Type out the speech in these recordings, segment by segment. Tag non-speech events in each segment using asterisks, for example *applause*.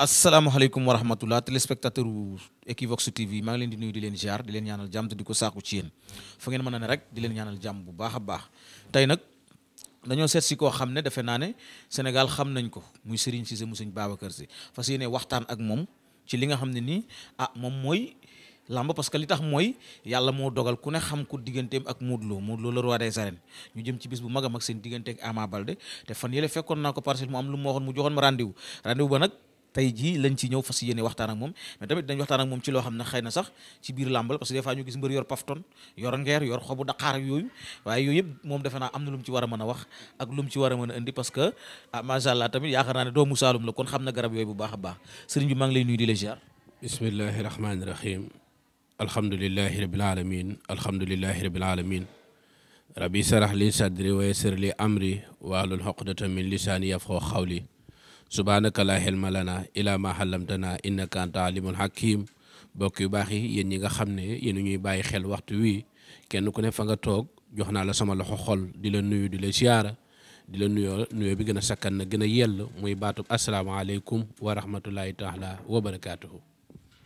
asalaamaaleykum wa rahmatulah téléspectateur Equivox TV maa ngi leen di nuyu di leen ziar di leen ñaanal jàmm te di ko saaku ci yéen fu ngeen mën a ne rek di leen ñaanal jàmm bu baax a baax tey nag dañoo seet si koo xam ne defe naa ne Sénégal xam nañ ko muy Serigne Cissé mu Serigne Babacar Sy fas ne waxtaan ak moom ci li nga xam ne nii ah moom mooy làmb parce que li tax mooy yàlla moo dogal ku ne xam ko digganteem ak Modou Lo Modou Lo le roi ñu jëm ci bis a mag seen digganteeg Ama Balde te fan yële fekkoon naa ko parcelle mu am lu mu waxoon mu joxoon tey jii lañ ci ñëw fas yéene waxtaan ak moom mais tamit dañ waxtaan ak moom ci loo xam ne xëy na sax ci biir làmbal parce que des fois ñu gis mbër yor pafton yor ngeer yor xobu daqaar yooyu waaye yooyu yëpp moom defe naa am na lu mu ci war a wax ak lu ci war a mën a parce que ah macha allah tamit yaakaar naa ne doomu xam na garab yooyu bu baax a baax sëriñ bi maa ngi lay nuyu di la ziar bismillahi rahmaani rahim alhamdulilahi rabil alamin alhamdulilahi rabil alamin rabbi sarax li sadri wa yassir li amri wahlul uqdatan min lisani yafqahu qawli subhaanaka laa xelma lana ilaa ma xalamtana innaka anta alimul hakim mbokk yu baax yi yéen ñi nga xam ne yéen ñuy bàyyi xel waxtu wi kenn ku ne fa nga toog jox naa la sama loxo xol di la nuyu di la siyaara di la nuyoo nuyoo bi gën a sakkan na gën a yell muy baatub asalaamaaleykum wa rahmatulahi taala wa barakaatuhu.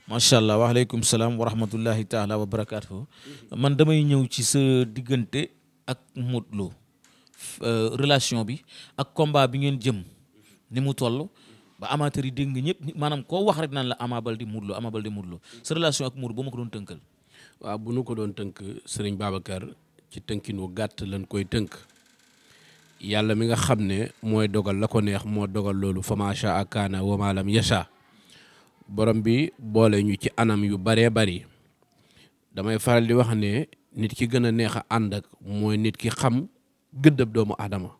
macha allah waaleykum salaam wa rahmatulahi taala wa barakaatuhu. man damay ñëw ci sa diggante ak Modou Lo euh, relation bi ak komba bi ngeen jëm. ni mu toll ba amateur yi dégg nga ñëpp maanaam koo wax rek naan la Ama di Modou Lô Ama Baldé Modou Lô sa relation ak Modou ba ma ko doon tënkal. waaw bu nu ko doon tënk sëriñ Babacar ci tënkin wu gàtt lañ koy tënk yàlla mi nga xam ne mooy dogal la ko neex moo dogal loolu fa maa shaa kaana wa maa lam borom bi boole ñu ci anam yu baree bari damay faral di wax ne nit ki gën a neex a ànd ak mooy nit ki xam gëddëb doomu aadama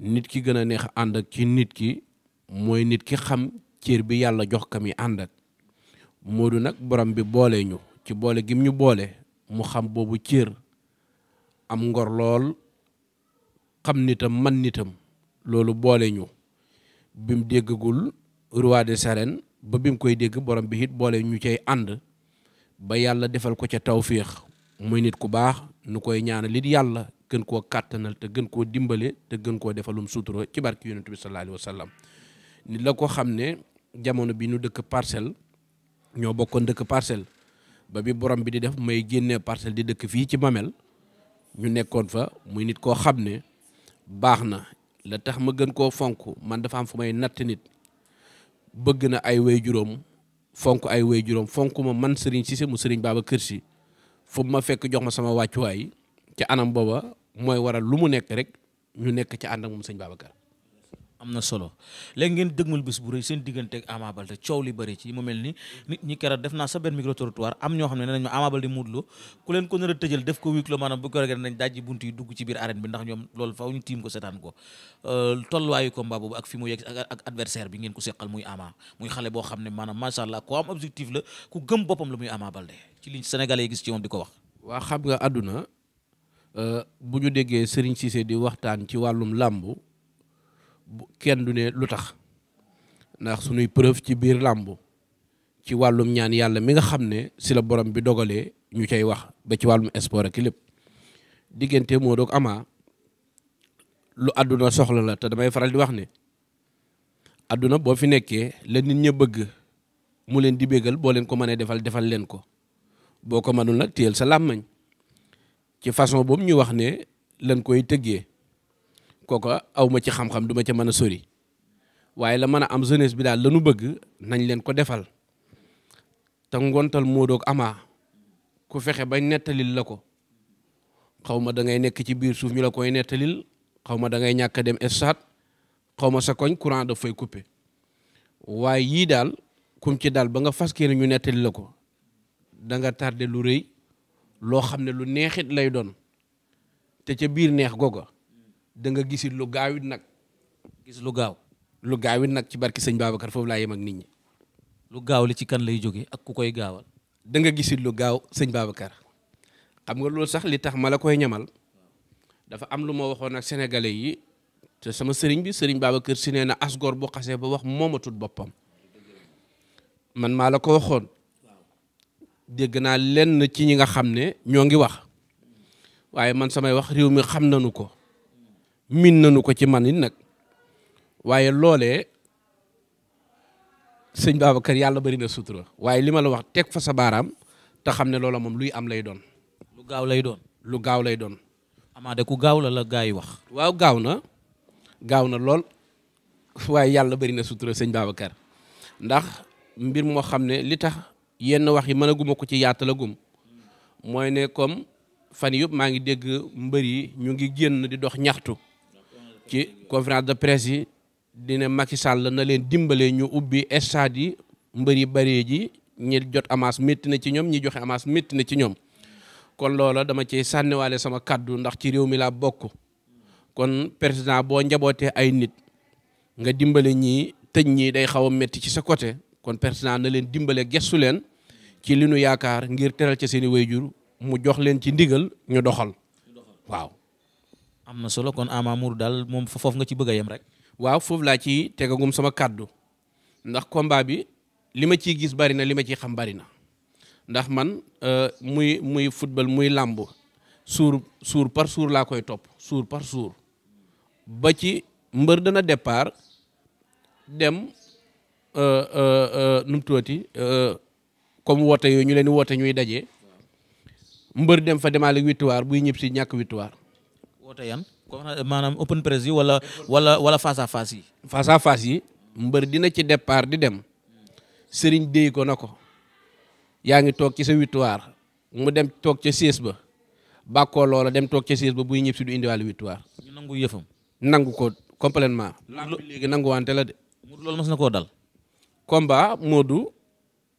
nit ki gën a neex àndak ci nit ki mooy nit ki xam cër bi yàlla jox ka mi ànd ak nag borom bi boole ñu ci boole gim ñu boole mu xam boobu cër am ngor lool xam nitam man nitam loolu boole ñu bim déggagul roi de arènes ba bim koy dégg borom bi it boole ñu cay ànd ba yàlla defal ko ca tawféex muy nit ku baax nu koy ñaanal it yàlla gën koo kàttanal te gën koo dimbale te gën koo defalum sutura ci barke yonent bi sallallahu alayhi wa sallam ni la ko xam ne jamono bi nu dëkk parcelle ñoo bokkoon dëkk parcelle ba bi borom bi di def may génnee parcelle di dëkk fii ci Mamel ñu nekkoon fa muy nit koo xam ne baax na la tax ma gën koo fonk man dafa am fu may natt nit bëgg na ay way juróom fonk ay way juróom fonk ma man Serigne Cissé mu baaba kër si fu ma fekk jox ma sama wàccuwaay ci anam mooy waral lu mu nekk rek ñu nekk ci ànd ak moom sëñ Babacar. am na solo léegi ngeen dëgmal bis bu rëy seen diggante ak Ama Baldé coow li bëri ci mu mel ni nit ñi keroog def naa sa benn micro trottoir am ñoo xam ne nañ ma Ama Baldé Modou Lô ku leen ko nar a def ko wiikloo maanaam bu ko regee nañ dajji bunt yi dugg ci biir arène bi ndax ñoom loolu faaw ñu tiim ko seetaan ko euh, tolluwaayu combat boobu ak fi mu yegg ak adversaire bi ngeen ko seqal muy Ama muy xale boo xam ne maanaam macha allah ku am objectif la ku gëm boppam la muy Ama Baldé ci liñ Sénégalais yi gis ci di ko wax. Euh, bu ñu déggee Serigne Cissé di waxtaan ci wàllum làmbu kenn du ne lu tax ndax sunuy preuve ci biir làmbu ci wàllum ñaan yàlla mi nga xam ne si la borom bi dogalee ñu cay wax ba ci wàllum a ki lépp diggante moo doog amaa lu àdduna soxla la te damay faral di wax ne àdduna boo fi nekkee la nit ña bëgg mu leen di béggal boo leen ko mënee defal defal leen ko boo ko mënul nag téyel sa làmmañ ci façon boobu ñu wax ne lañ koy tëggee kooka aw ma ci xam-xam du ma ca mën a sori waaye la mën a am jeunesse bi daal lañu bëgg nañ leen ko defal te ngontal moo doog amaa ku fexe ba nettalil la ko xaw ma da nekk ci biir suuf ñu la koy nettalil xaw ma da ngay ñàkk a dem stade xaw ma sa koñ courant daf fay coupé waaye yii daal kum ci daal ba nga fas kee ñu nettali la ko danga nga lu rëy. loo xam ne lu neexit lay doon te ca biir neex googa danga nga gisit lu gaawit nag gis lu gaaw lu gaawit nag ci barki sëñ Babacar foofu laa yem nit ñi lu gaaw li ci kan lay jóge ak ku koy gaawal danga nga gisit lu gaaw sëñ Babacar xam nga lool sax li tax ma la koy ñamal dafa am lu ma waxoon ak sénégalais yi te sama sëriñ bi sëriñ Babacar si nee na asgor bu xasee ba wax moomatut boppam man maa la ko waxoon dégg naa lenn ci ñi nga xam ne ñoo ngi wax waaye man samay wax réew mi xam nañu ko miin nañu ko ci man it nag waaye loolee sëñ Babacar yàlla bari na sutura waaye li ma la wax teg fa sa baaraam te xam ne loola moom luy am lay doon. lu gaaw lay doon. lu gaaw lay doon. amaade ku gaaw la la gaa yi wax. waaw gaaw na gaaw na lool waaye yàlla bari na sutura sëñ Babacar ndax mbir moo xam ne li tax. yenn wax yi mën aguma ko ci yaatalagum mooy ne comme fan yëpp maa ngi dégg mbër yi ñu ngi génn di dox ñaxtu ci conférence de presse yi dina Macky Sall na leen dimbale ñu ubbi stade mbër yi bëree ji ñi jot avance métti na ci ñoom ñi joxe métti na ci ñoom kon loola dama ciy sànniwaale sama kàddu ndax ci réew mi laa bokk kon président boo njabootee ay nit nga dimbale ñii tëj ñii day xaw a métti ci sa côté kon président na leen dimbale gestu leen ci li nu yaakaar ngir teral ca seeni i wayjur mu jox leen ci ndigal ñu doxal waaw. am na solo kon Ama Mour daal moom foofu nga ci bëgg a yem rek. waaw foofu laa ci tegagum sama kàddu ndax combat bi li ma ciy gis bari na li ma ciy xam bari na ndax man euh, muy muy football muy làmb suur suur par suur laa koy topp suur par suur ba ci mbër dana départ dem euh, euh, nu comme woote yooyu ñu leen woote ñuy daje mbër dem fa demaale victoire buy ñëpp si ñàkk victoire. woote yan maanaam open press yi wala wala wala face à yi. face à yi mbër dina ci départ di dem sëriñ déy ko na ko yaa ngi toog ci sa victoire mu dem toog ca siis ba bàkkoo loola dem toog ca siis ba buy ñëpp si du indiwaale victoire. ñu nangu yëfam. nangu ko complètement. léegi nanguwante la de. loolu mas na koo dal. combat Modou.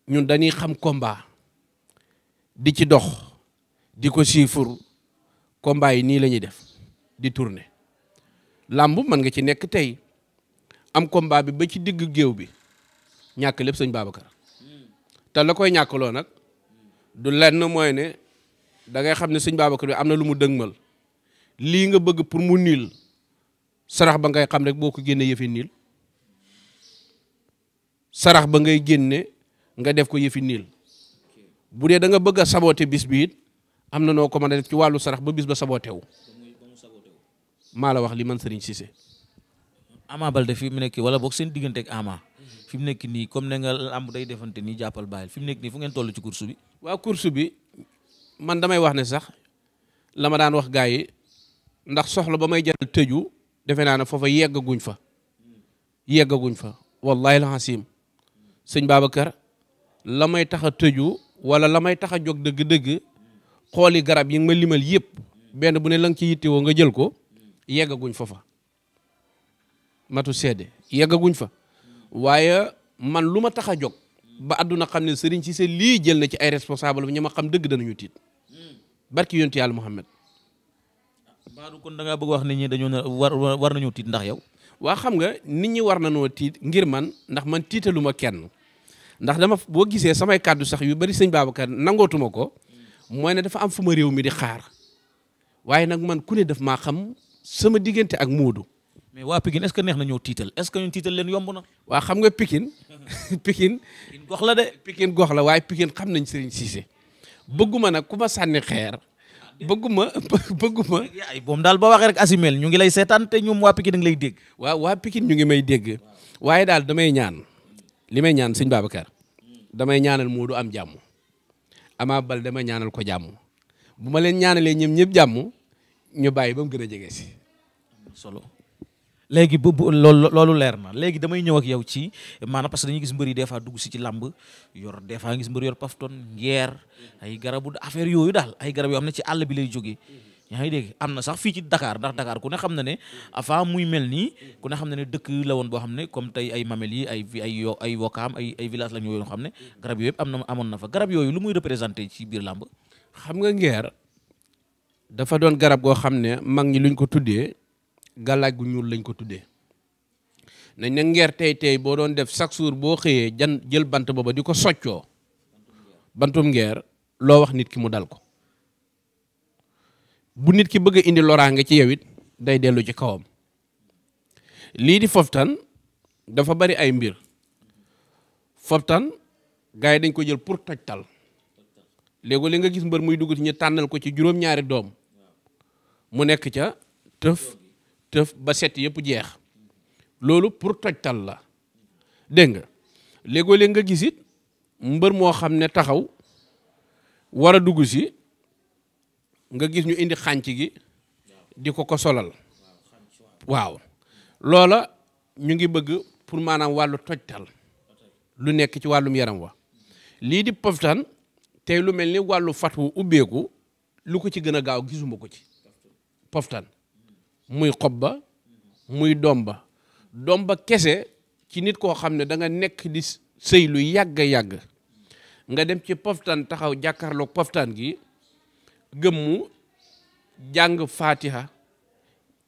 ñun dañuy xam komba di ci dox di ko siifur combat yi nii lañuy def di turne làmb mën nga ci nekk tey am combat bi ba ci digg géew bi ñàkk lépp sëñ Babacar te la koy ñàkkloo nag du lenn mooy ne dangay xam ne sëñ Babacar bi am na lu mu dëgmal lii nga bëgg pour mu niil sarax ba ngay xam rek boo ko génnee yëfi niil sarax ba ngay génne nga def ko yëfi niil bu dee da nga bëgg a bi it am na noo ko mën a ci wàllu sarax ba bis ba saboté wu maa la wax li man Serigne si Ama Baldé fi mu nekk wala boog seen digganteeg Ama fi mu nekk nii comme ne nga làmb day defante nii jàppal bàyyil fi mu nekk nii fu ngeen toll ci course bi. waaw course bi man damay wax ne sax la ma daan wax gaa yi ndax soxla ba may jaral tëju defe naa ne foofa yeggaguñ fa yeggaguñ fa wallaahi la xasim sëñ Babacar la may tax a tëju wala la may tax a jóg dëgg-dëgg xooli garab yi nga ma limal yëpp benn bu ne la nga ci yittewoo nga jël ko yeggaguñ fa fa matu seede yeggaguñ fa waaye man lu ma tax a jóg ba àdduna xam ne sëriñ si se lii jël na ci ay responsable bi ñi ma xam dëgg danañu tiit barki yontu yàlla Muhammad baadu kon da ngaa wax nit ñi dañoo war war nañoo tiit ndax yow waa xam nga nit ñi war nañoo tiit ngir man ndax man tiitalu ma kenn ndax dama boo gisee samay kàddu sax yu bari sëñ Babacar nangootuma ko mooy ne dafa am fu ma réew mi di xaar waaye nag man ku ne daf maa xam sama diggante ak Moodu. mais waa Pikine est-ce neex na ñoo tiital est-ce que ñun leen yomb na. waa xam nga *laughs* Pikine Pikine. gox la de pikin gox la waaye Pikine xam nañ Serigne Cissé bëgguma na ku ma sànni xeer. bëgguma *laughs* bëgguma. ay boom daal ba waxee rek asimel ñu ngi lay seetaan te ñoom waa Pikine ngi lay dégg. waaw waa Pikine ñu ngi may dégg waaye daal damay ñaan. li may ñaan sëñ Babacar damay ñaanal Modou am jàmm amaa bal damay ñaanal ko jàmm bu ma leen ñaanalee ñoom ñëpp jàmm ñu bàyyi ba mu gën a jege si solo. léegi bu bu loolu loolu leer na léegi damay ñëw ak yow ci maanaam parce que gis mbër yi des fois dugg si ci làmb yor des fois gis mbër yor pafton ngeer ay garabu affaire yooyu daal ay garab yoo xam ne ci àll bi lay jógee. yaa ngi dégg am na sax fii ci Dakar ndax dakaar ku ne xam na ne avant muy mel nii ku ne xam ne ne dëkk la woon boo xam ne comme te ay mamel yi ay ay ay wokaam ay ay village la ñu yoo xam ne garab yooyu na amoon na fa garab yooyu lu muy représenté ci biir làmb xam nga ngeer dafa doon garab goo xam ne mag ñi luñ ko tuddee galaaj gu ñuul lañ ko tuddee nañ ne ngeer tey tey boo doon def chaque jour boo xëyee jan jël bant booba di ko soccoo bantum ngeer loo wax nit ki mu dal ko bu nit ki bëgg a indi loraange ci yow it day dellu ci kawam lii di foftan dafa bari ay mbir foftan gars yi dañ ko jël pour tojtal léegi li nga gis mbër muy dugg ci ñu tànnal ko ci juróom-ñaari doom mu nekk ca tëf tëf ba set yëpp jeex loolu pour tojtal la dégg nga léegoo léeg nga gis mbër moo xam ne taxaw war a dugg si nga gis ñu indi xànc gi di ko ko solal waaw loola ñu ngi bëgg pour maanaam wàllu tojtal lu nekk ci wàllum yaram wa lii di poftan tey lu mel ni wàllu fatu ubbeeku lu ko ci gën a gaaw gisuma ko ci poftan muy xob ba muy doom ba doom ba kese ci nit koo xam ne danga nekk di sëy lu yàgg yàgg nga dem ci poftan taxaw jàkkaarloog poftan gi gëmmu jàng faatiha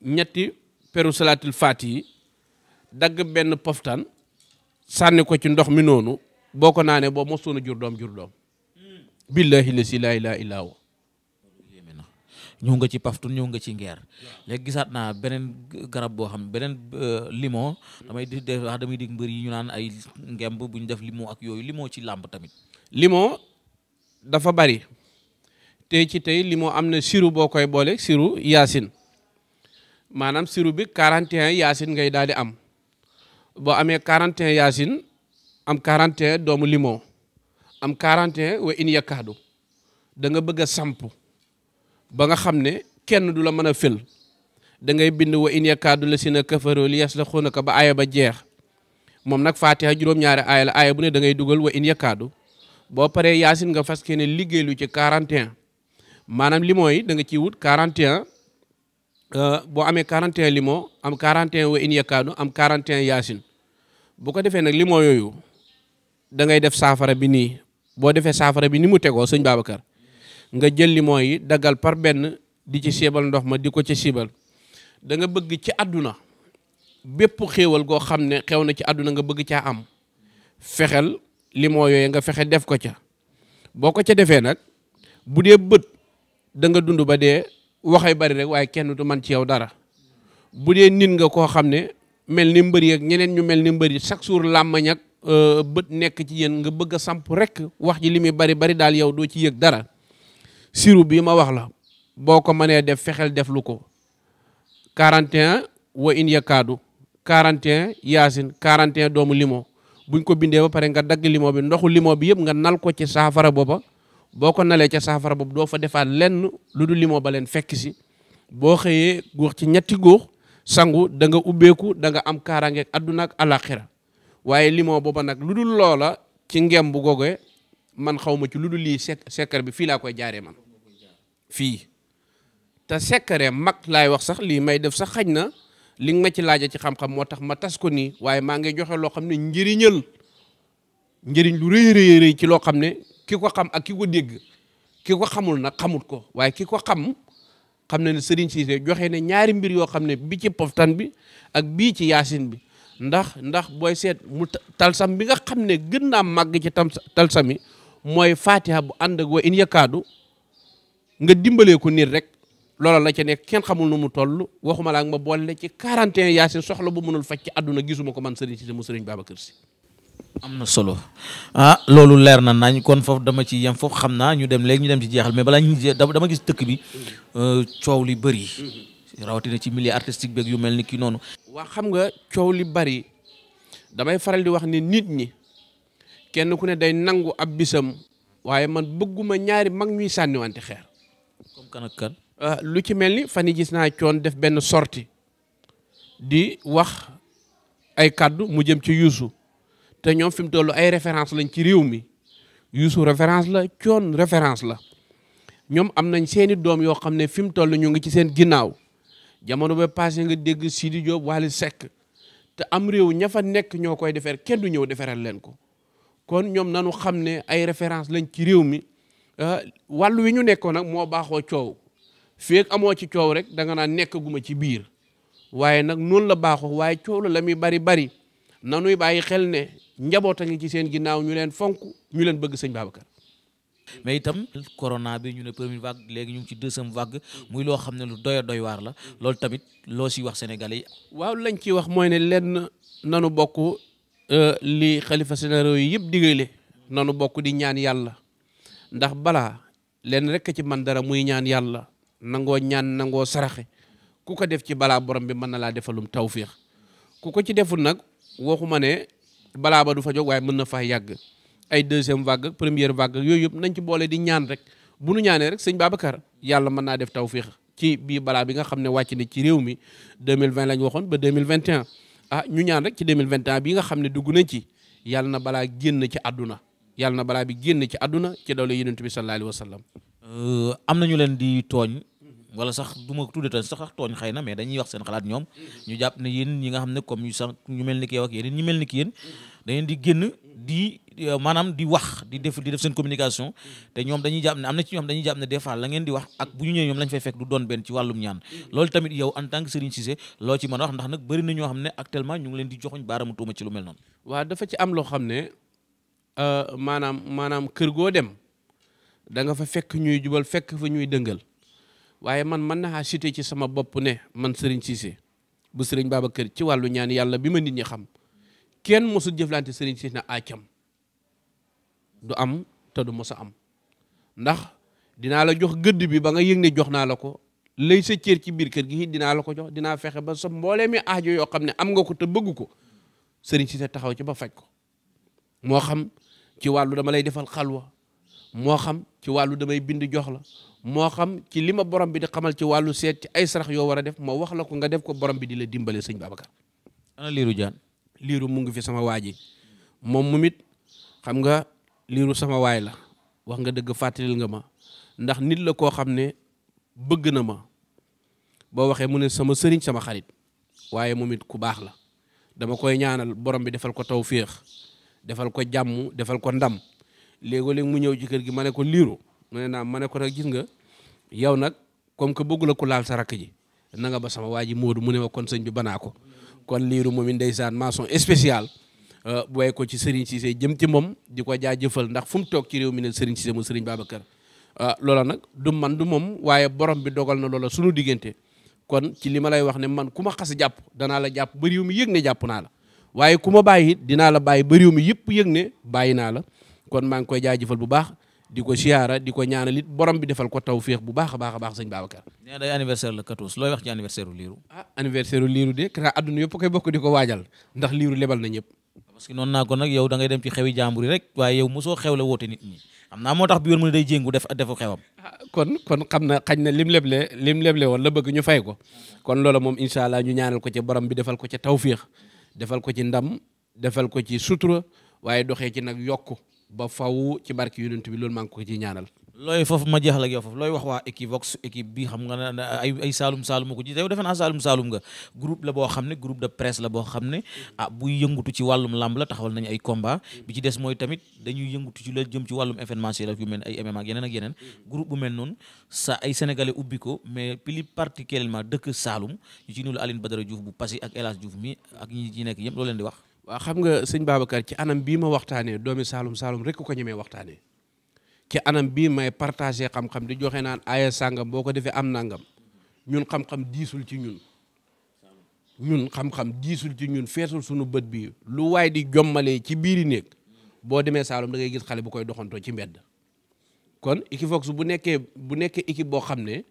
ñetti peru salaatul faatihi dagg benn poftan sànni ko ci ndox mi noonu boo ko naanee boo mosoon a jur doom jur doom billaahi la si laa ilaaha illaa huwa ñëw nga ci paftu ñëw nga ci ngeer léegi gisaat naa beneen garab boo xam ne beneen euh, limon damay di def wax damay dig mbër yi ñu naan ay ngemb bu ñu def limo ak yooyu limon ci làmb tamit limon dafa bari tey ci tey li am na siru boo koy boole siru yaasin maanaam siru bi 41 yaasin ngay daal di am boo amee 41 yaasin am 41 doomu limon am 41 wa in yakkaadu da bëgg a samp ba nga xam ne kenn du la mën a fël da ngay bind wa in yakkaadu la si na kafaroo li yas la xunaka ba aaya ba jeex moom nag faatiha juróom-ñaari aaya la aaya bu ne da ngay dugal wa in yakkaadu boo paree yaasin nga fas kee ne liggéeylu ci 41 maanaam limon yi danga nga ciy wut 41 euh, boo amee 41 limon am 41 wa in yakkaanu am 41 yaasin bu ko defee nag limon yooyu da ngay def saafara bi nii boo defee saafara bi ni mu tegoo sëñ Babacar nga jël limon yi daggal par benn di ci siibal ndox ma di ko ci siibal da nga bëgg ci àdduna bépp xéewal goo xam ne xew na ci àdduna nga bëgg caa am fexel limon yooyu nga fexe def ko ca boo ko ca defee nag bu dee bët da nga dund ba dee waxay bari rek waaye kenn du man ci yow dara bu dee nit nga koo xam ne mel ni mbër yeeg ñeneen ñu mel ni mbër yi chaque jour làmmañ ak euh, bët nekk ci yéen nga bëgg a samp rek wax ji li muy bari bari daal yow doo ci yëg dara siru bi ma wax la boo ko mënee def fexeel deflu ko 41 wa in yakaadu 41 yaasin 41 doomu limo buñ ko bindee ba pare nga dagg limo bi ndoxu limo bi yëpp nga nal ko ci saafara booba boo ko nalee ca saafara boobu doo fa defaat lenn lu dul limoo ba leen fekk boo xëyee góox ci ñetti góox sangu danga nga ubbeeku da am kaaraangeeg adduna ak alaxira waaye limoo booba nag lu dul loola ci ngem bu googee man xaw ma ci lu dul lii sek bi fii laa koy jaaree man fii te sekkare mag laay wax sax lii may def sax xaj na li nga ci laaja ci xam-xam moo tax ma tas ko nii waaye maa ngi joxe loo xam ne njëriñal njëriñ lu rëy rëy rëy ci loo xam ne ki ko xam ak ki ko dégg ki ko xamul nag xamut ko waaye ki ko xam xam na ne Serigne Cissé joxe ne ñaari mbir yoo xam ne bi ci poftan bi ak bii ci yaasin bi ndax ndax booy seet mu sam bi nga xam ne gën naa màgg ci tam talsami mooy fatiha bu ànd ak wa in yakaadu nga dimbalee ko nit rek loola la ca nekk kenn xamul nu mu toll waxuma la ak ma boole ci 41 yaasin soxla bu mënul faj ci àdduna gisuma ko man Serigne Cissé mu Serigne Babacar Sy am na solo ah loolu leer na nañ kon foofu dama ci yem foofu xam naa ñu dem léegi ñu dem ci jeexal mais balaa ñu dama gis dëkk bi euh, coow li bëri mm-hmm. rawatina ci milieu artistique beeg yu mel ni kii noonu. waa xam nga coow li bari damay faral di wax ni nit ñi kenn ku ne day nangu ab bisam waaye man bëgguma ñaari mag ñuy sànniwante xeer. comme kan ak ah, lu ci mel ni fan yi gis naa coon def benn sorti di wax ay kàddu mu jëm ci Youssou te ñoom fi mu toll ay référence lañ ci réew mi Youssou référence la Thione référence la ñoom am nañ seeni doom yoo xam ne fi mu toll ñu ngi ci seen ginnaaw jamono ba passé nga dégg Sidi Diop Wally Seck te am réew ña fa nekk ñoo koy defar kenn du ñëw defaral leen ko kon ñoom nanu xam ne ay référence lañ ci réew mi ah, wàllu wi ñu nekkoon nag moo baaxoo coow feeg amoo ci coow rek da nga naan nekk guma ci biir waaye nag noonu la baaxoo waaye coow la la muy bari bari nanuy bàyyi xel ne njaboot a ngi ci seen ginnaaw ñu leen fonk ñu leen bëgg sëñ Babacar. mais itam corona bi ñu ne première vague léegi ñu ngi ci deuxième vague muy loo xam ne lu doy doy waar la loolu tamit loo siy wax sénégalais waaw lañ ci wax mooy ne lenn nanu bokk euh, li xalifa généraux yi yëpp diggale nanu bokk di ñaan yàlla ndax balaa lenn rek ci man dara muy ñaan yàlla nangoo ñaan nangoo saraxe ku ko def ci balaa borom bi mën na laa defalum tawféex ku ko ci deful nag balaa ba du fa jóg waaye mën na faa yàgg ay deuxième vague première vague yooyu yëpp nañ ci boole di ñaan rek bu nu ñaanee rek sëñ Babacar yàlla mën naa def tawféex ci bii balaa bi nga xam ne wàcc na ci réew mi 2020 lañ waxoon ba 2021 ah ñu ñaan rek ci 2021 bi nga xam ne dugg nañ ci yàlla na balaa génn ci àdduna yàlla na balaa bi génn ci àdduna ci dawla yonent bi sallallahu alayhi wa sallam euh, am nañu leen di tooñ wala sax du ma tuddee sax tooñ xëy na mais dañuy wax seen xalaat ñoom ñu jàpp ne yéen ñi nga xam ne comme ñu sax ni ki yow ak yéen ñu mel di génn di euh, maanaam di wax di def di def seen communication te ñoom dañuy jàpp ne am na ci ñoom dañuy jàpp ne des fois la ngeen di wax ak bu ñu ñëwee ñoom lañ fay fekk du doon benn ci wàllum ñaan loolu tamit yow en tant que Serigne Cissé loo ci mën a wax ndax nag bëri na ñoo xam ne actuellement ñu ngi leen di joxoñ baaraamu tuuma ci lu mel noonu waaw dafa ci am loo xam ne euh, maanaam maanaam kër goo dem da nga fa fekk ñuy jubal fekk ñuy dëngal waaye man mën naxaa cité ci sama bopp ne man Serigne Cissé bu sëriñ Serigne kër ci wàllu ñaan yàlla bi ma nit ñi xam kenn mosul jëflante Serigne Cissé na acam du am te du mos am ndax dinaa la jox gëdd bi ba nga yëg ne jox naa la ko lay sa cër ci biir kër gi dinaa la ko jox dinaa fexe ba sa mboolee mi aajo yoo xam ne am nga ko te bëggu ko Serigne Cissé taxaw ci ba faj ko moo xam ci wàllu dama lay defal xalwa moo xam ci wàllu damay bind jox la moo xam ci li ma borom bi di xamal ci wàllu seet ci ay sarax yoo war a def ma wax la ko nga def ko borom bi di la dimbale sëñ Babacar. ana liiru jaan liiru mu ngi fi sama waa ji moom mu xam nga liiru sama waay la wax nga dëgg fàttalil nga ma ndax nit la koo xam ne bëgg na ma boo waxee mu ne sama sëriñ sama xarit waaye moom it ku baax la dama koy ñaanal borom bi defal ko taw tawféex defal ko jàmm defal ko ndam léegoo-léeg mu ñëw ci gi ma ko liiru mu ne naa ma ne ko nag gis nga yow nag comme que bëggula a ku laal sa rakk ji na nga ba sama waa ji Moodu mu ne ma kon sëñ bi banaa ko kon liiru moom it ndeysaan maçon spécial euh, booy ko ci Serigne Cissé jëm ci moom di ko jaajëfal ndax fu toog ci réew mi ne Serigne Cissé mu baaba Babacar euh, loola nag du man du moom waaye borom bi dogal na loola sunu diggante kon ci li ma lay wax ne man ku ma xas jàpp danaa la jàpp ba réew mi yëg ne jàpp naa la waaye ku ma bàyyi it dinaa la bàyyi ba réew mi yëpp yëg ne bàyyi naa la kon maa ngi koy jaajëfal bu baax di ko siyaara di ko ñaanal it borom bi defal ko taw féex bu baax a baax a baax sëñ Babacar. nee day anniversaire la 14 looy wax ci anniversaire u liiru. ah anniversaire liiru de xanaa àdduna yëpp koy bokk di ko waajal ndax liiru lebal na ñëpp. parce que noonu naa ko nag yow da ngay dem ci xewi jàmbur yi rek waaye yow mosoo xew la woote nit ñi am na moo tax bi yoon mu ne day jéngu def defu xewam. Ah, kon xam na xañ na lim leble lim leble woon la bëgg ñu fay ko kon loola moom incha allah ñu ñaanal ko ci bi defal ko ci taw féex defal ko ci ndam defal ko ci sutura waaye doxee ci nag yokku ba faw ci barke yonent bi loolu maa ngi ko ciy ñaanal. looy foofu ma jeexal ak yow foofu looy wax waa Equivox équipe bi xam nga ne ay ay Saalum Saalum ko jiite nga groupe la boo xam ne groupe de presse la boo xam ne ah buy yëngutu ci wàllum lamb la taxawal nañu ay combat bi ci des mooy tamit dañuy yëngutu ci la jëm ci wàllum événementiel ak yu mel ay MMA ak yeneen ak yeneen groupe bu mel noonu sa ay sénégalais ubbi ko mais plus particulièrement dëkk Saalum ñu ci nuyul Aline Badara Diouf bu Passy ak El Hadj nekk yëpp loo leen di wax. waa xam nga sëñ Babacar ci anam bii ma waxtaanee doomi Saalum Saalum rek ko ñemee waxtaanee ci anam bii may partagé xam-xam di joxe naan aaya sàngam boo ko defee am nangam ñun xam-xam diisul ci ñun. ñun xam-xam diisul ñun feesul sunu bët bi lu waay di jommalee ci biir biiri néeg boo demee Saalum da ngay gis xale bu koy doxantoo ci mbedd. kon Equivox bu nekkee bu nekkee équipe boo xam ne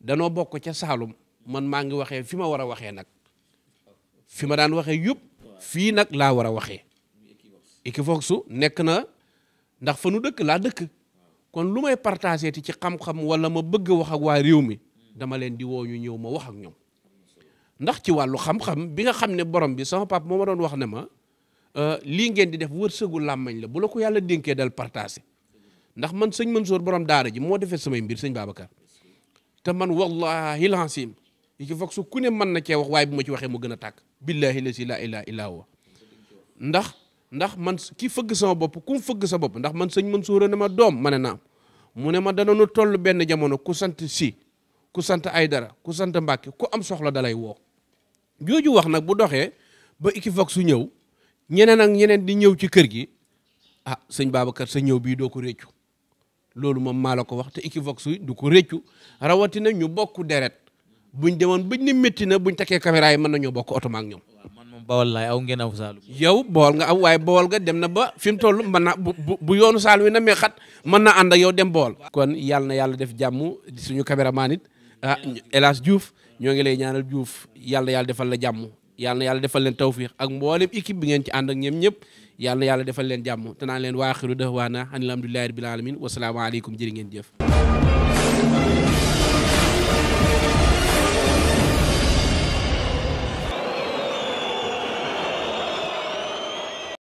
danoo bokk ca Saalum man maa ngi waxee fi ma war a waxee nag fi ma daan waxee yëpp. fii nag laa war a waxee Equivox su nekk na ndax fa nu dëkk laa dëkk kon lu may partagé ti ci xam-xam wala ma bëgg wax ak waa réew mi dama leen di woo ñu ñëw ma wax ak ñoom ndax ci wàllu xam-xam bi nga xam ne borom bi sama pap moo ma doon wax ne ma euh, lii ngeen di def wërsëgu làmmañ la bu la ko yàlla dénkee dal partagé ndax man sëñ Mansour borom daara ji moo defee samay mbir sëñ Babacar te man wallahi lancim Equivox su ku ne mën na cee wax waaye bu ma ci waxee a tàkk billahi lazi laa ilaaha illaa huwa ndax ndax man ki fëgg sama bopp ku mu fëgg sa bopp ndax man sëñ Mansour ne ma doom ma ne naam mu ne ma danoonu toll benn jamono ku sant si ku sant ay dara ku sant Mbàkke ku am soxla dalay woo jooju wax nag bu doxee ba Equivox su ñëw ñeneen ak ñeneen di ñëw ci kër gi ah sëñ kër sa ñëw bii doo ko réccu loolu moom maa la ko wax te Equivox su du ko réccu rawatina ñu bokk deret buñ demoon buñ métti na buñ takkee caméra yi mën nañoo bokk oto ma ak ñoom. man moom bawol laay aw ngeen Saalum. yow bool nga aw waaye bool nga dem na ba fi mu toll mën na bu bu yoonu Saalum wi na mais xat mën na ànd ak yow dem bool. kon yàlla na yàlla def jàmm suñu caméraman it ah El Hadj ñoo ngi lay ñaanal Diouf yàlla na yàlla defal la jàmm yàlla na yàlla defal leen tawfiix ak mboolem équipe bi ngeen ci ànd ak ñoom ñëpp yàlla na yàlla defal leen jàmm te naan leen waaxiru dahwaana anil hamdulillahi rabbil alamin wasalaamaaleykum jërë ngeen jëf